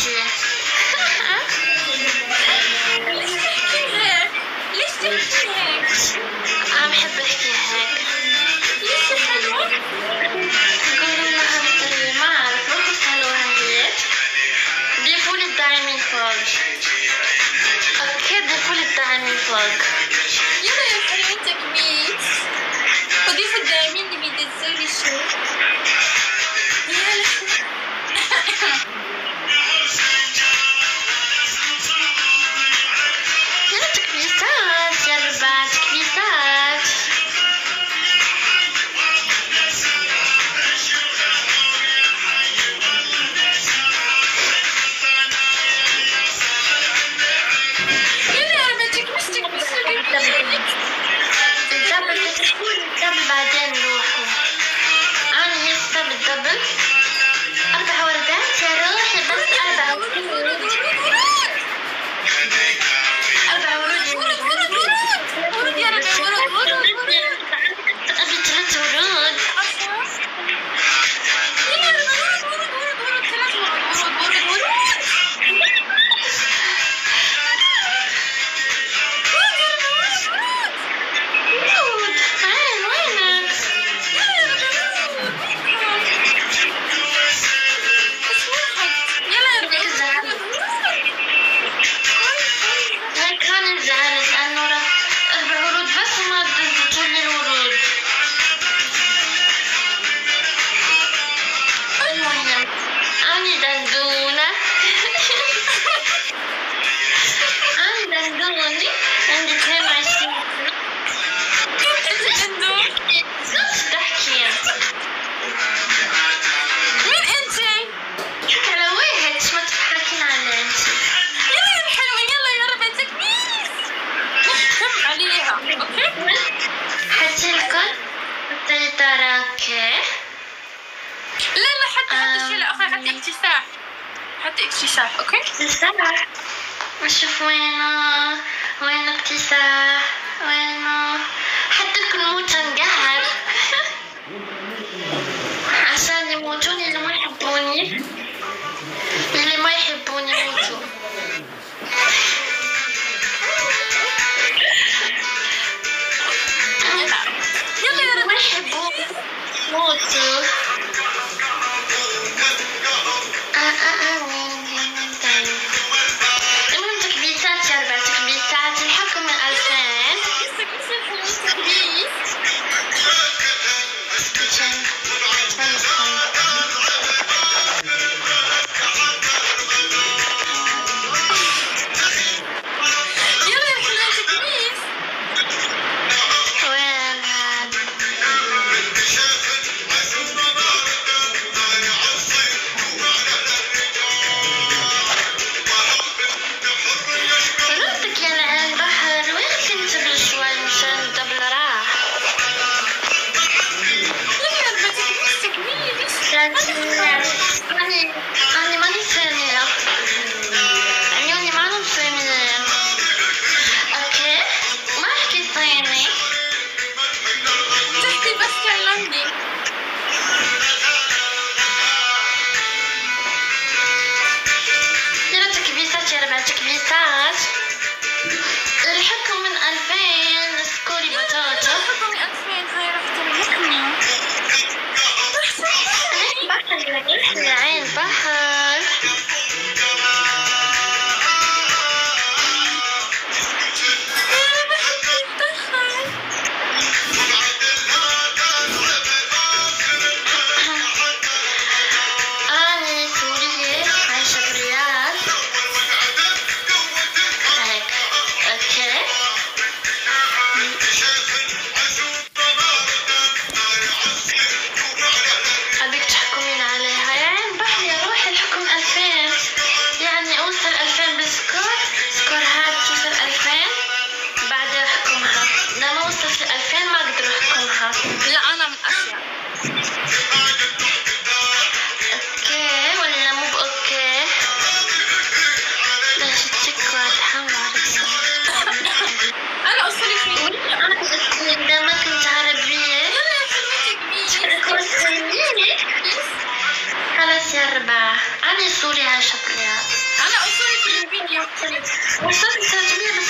ماشية ليش تحكي هيك؟ أنا بحب الحكي هيك ليش حلوة؟ نقول إنها مطرية ما أعرف ما كنت حلوة هي ضيفوا لي الدعي فوق أوكي ضيفوا لي الدعي فوق يلا يا فريد تكبيت وضيفوا الدعي من اللي بيدزوا شو That's حتى اكتساح اوكي اكتساح نشوف وينه وين اكتساح وينه حتى كنموت نقهر عشان يموتوني اللي ما يحبوني قدامك العربية خلاص يا ربع أنا سوري على شكلها أنا أصولي فلبينية وصلت ترجمية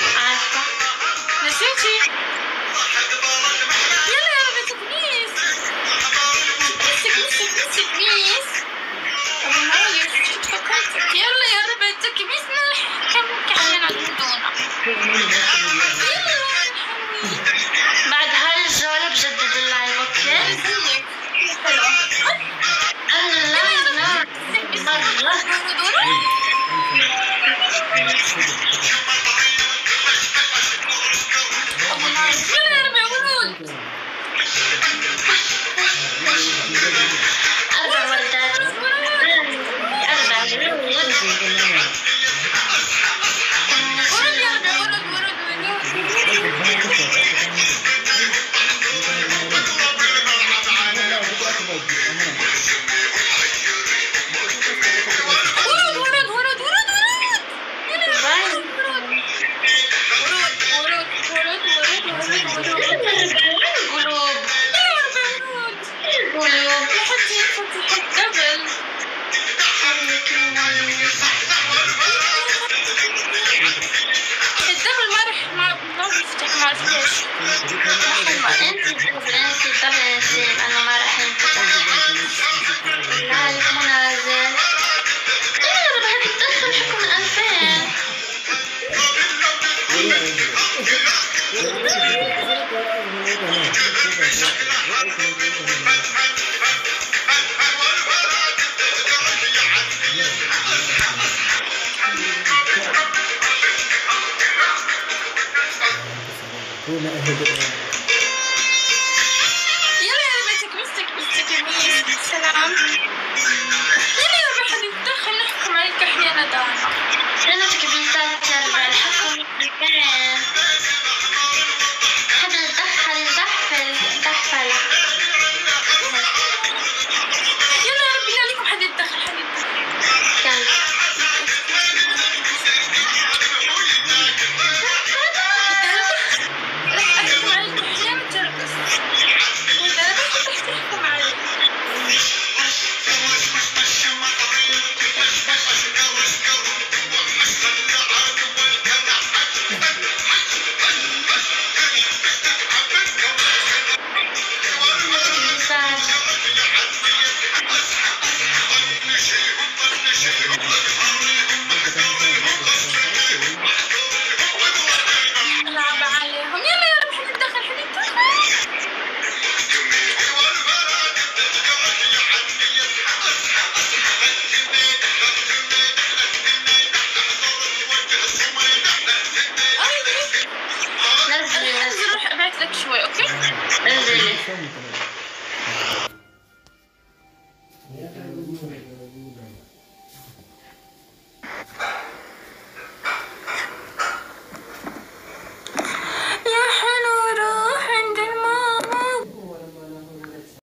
عارفة نسيتي يلا يا بابا تكنيس تكنيس تكنيس تكنيس أبو مايو تفكرتك يلا يا ربع تكنيس نحكم كحنا ندونا بعد هاي الجولة بجدد اللايف اوكي؟ أنا لا مرة كل يوم تحدي فتحة جبل الدبل ما رح ما ما بيفتح ما عرفتش انت الدبل انا ما رح ينفتح هنا اهدئ يلا يا بنتك مسك مسك يمين سلام يلا يا بحد يتدخل نحكم عليك احيانا دارنا لانك بنتاثر بالحكم بالكلام right back shortly, okay?